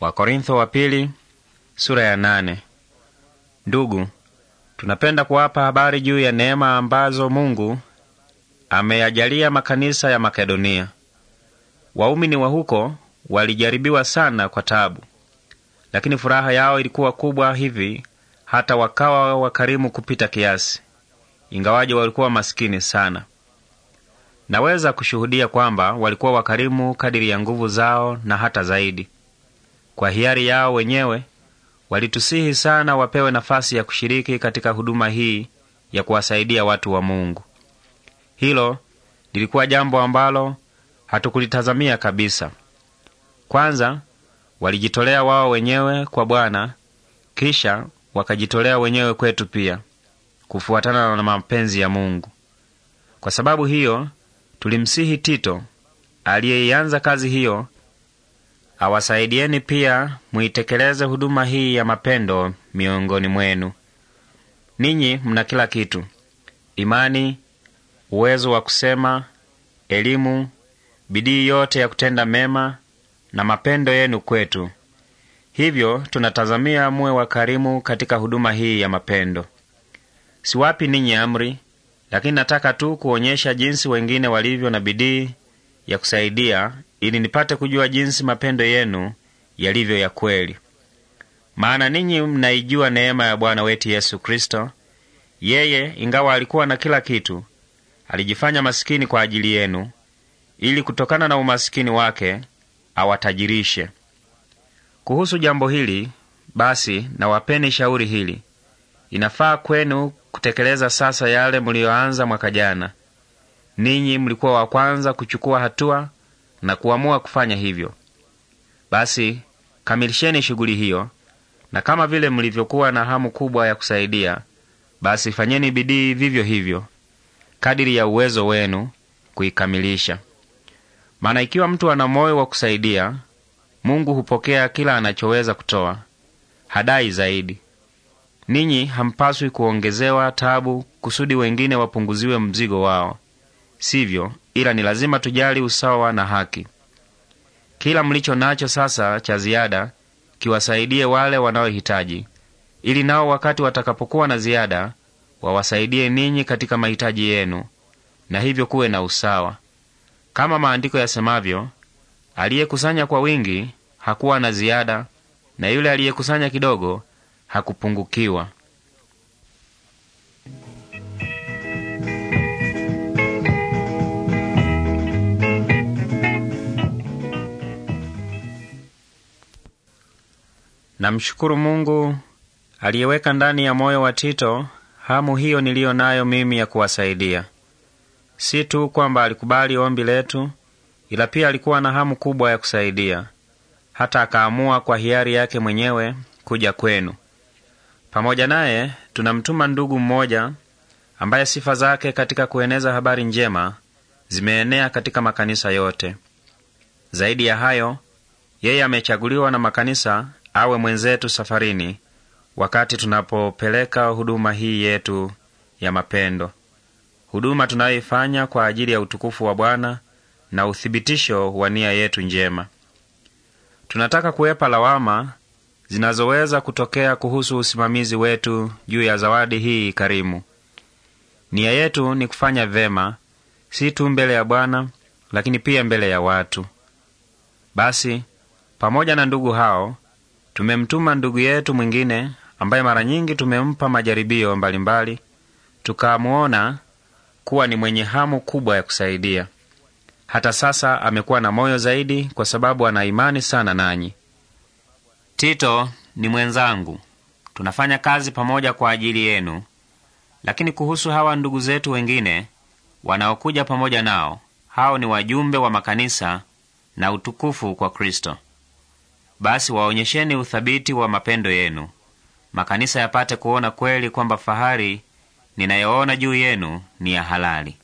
Wakorintho wa pili, sura ya nane. Ndugu, tunapenda kuwapa habari juu ya neema ambazo Mungu ameyajalia makanisa ya Makedonia. Waumini wa huko walijaribiwa sana kwa tabu lakini furaha yao ilikuwa kubwa hivi hata wakawa wakarimu kupita kiasi, ingawaje walikuwa masikini sana. Naweza kushuhudia kwamba walikuwa wakarimu kadiri ya nguvu zao na hata zaidi kwa hiari yao wenyewe walitusihi sana wapewe nafasi ya kushiriki katika huduma hii ya kuwasaidia watu wa Mungu. Hilo lilikuwa jambo ambalo hatukulitazamia kabisa. Kwanza walijitolea wao wenyewe kwa Bwana, kisha wakajitolea wenyewe kwetu pia, kufuatana na mapenzi ya Mungu. Kwa sababu hiyo tulimsihi Tito aliyeianza kazi hiyo awasaidieni pia muitekeleze huduma hii ya mapendo miongoni mwenu. Ninyi mna kila kitu: imani, uwezo wa kusema, elimu, bidii yote ya kutenda mema na mapendo yenu kwetu. Hivyo tunatazamia muwe wakarimu katika huduma hii ya mapendo. Siwapi ninyi amri, lakini nataka tu kuonyesha jinsi wengine walivyo na bidii ya kusaidia ili nipate kujua jinsi mapendo yenu yalivyo ya kweli. Maana ninyi mnaijua neema ya Bwana wetu Yesu Kristo. Yeye ingawa alikuwa na kila kitu, alijifanya masikini kwa ajili yenu, ili kutokana na umasikini wake awatajirishe. Kuhusu jambo hili basi, nawapeni shauri hili: inafaa kwenu kutekeleza sasa yale mliyoanza mwaka jana. Ninyi mlikuwa wa kwanza kuchukua hatua na kuamua kufanya hivyo, basi kamilisheni shughuli hiyo, na kama vile mlivyokuwa na hamu kubwa ya kusaidia, basi fanyeni bidii vivyo hivyo kadiri ya uwezo wenu kuikamilisha. Maana ikiwa mtu ana moyo wa kusaidia, Mungu hupokea kila anachoweza kutoa, hadai zaidi. Ninyi hampaswi kuongezewa tabu kusudi wengine wapunguziwe mzigo wao sivyo, ila ni lazima tujali usawa na haki. Kila mlicho nacho sasa cha ziada kiwasaidie wale wanaohitaji, ili nao wakati watakapokuwa na ziada wawasaidie ninyi katika mahitaji yenu, na hivyo kuwe na usawa. Kama maandiko yasemavyo, aliyekusanya kwa wingi hakuwa na ziada, na yule aliyekusanya kidogo hakupungukiwa. Namshukuru Mungu aliyeweka ndani ya moyo wa Tito hamu hiyo niliyo nayo mimi ya kuwasaidia. Si tu kwamba alikubali ombi letu, ila pia alikuwa na hamu kubwa ya kusaidia, hata akaamua kwa hiari yake mwenyewe kuja kwenu. Pamoja naye tunamtuma ndugu mmoja ambaye sifa zake katika kueneza habari njema zimeenea katika makanisa yote. Zaidi ya hayo, yeye amechaguliwa na makanisa awe mwenzetu safarini, wakati tunapopeleka huduma hii yetu ya mapendo, huduma tunayoifanya kwa ajili ya utukufu wa Bwana na uthibitisho wa nia yetu njema. Tunataka kuwepa lawama zinazoweza kutokea kuhusu usimamizi wetu juu ya zawadi hii karimu. Nia yetu ni kufanya vema, si tu mbele ya Bwana lakini pia mbele ya watu. Basi pamoja na ndugu hao Tumemtuma ndugu yetu mwingine ambaye mara nyingi tumempa majaribio mbalimbali, tukamwona kuwa ni mwenye hamu kubwa ya kusaidia. Hata sasa amekuwa na moyo zaidi, kwa sababu ana imani sana nanyi. Tito ni mwenzangu, tunafanya kazi pamoja kwa ajili yenu. Lakini kuhusu hawa ndugu zetu wengine wanaokuja pamoja nao, hao ni wajumbe wa makanisa na utukufu kwa Kristo basi waonyesheni uthabiti wa mapendo yenu, makanisa yapate kuona kweli kwamba fahari ninayoona juu yenu ni ya halali.